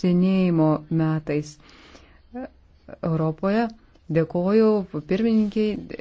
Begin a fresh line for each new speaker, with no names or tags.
senėjimo metais Europoje. Dėkoju pirmininkiai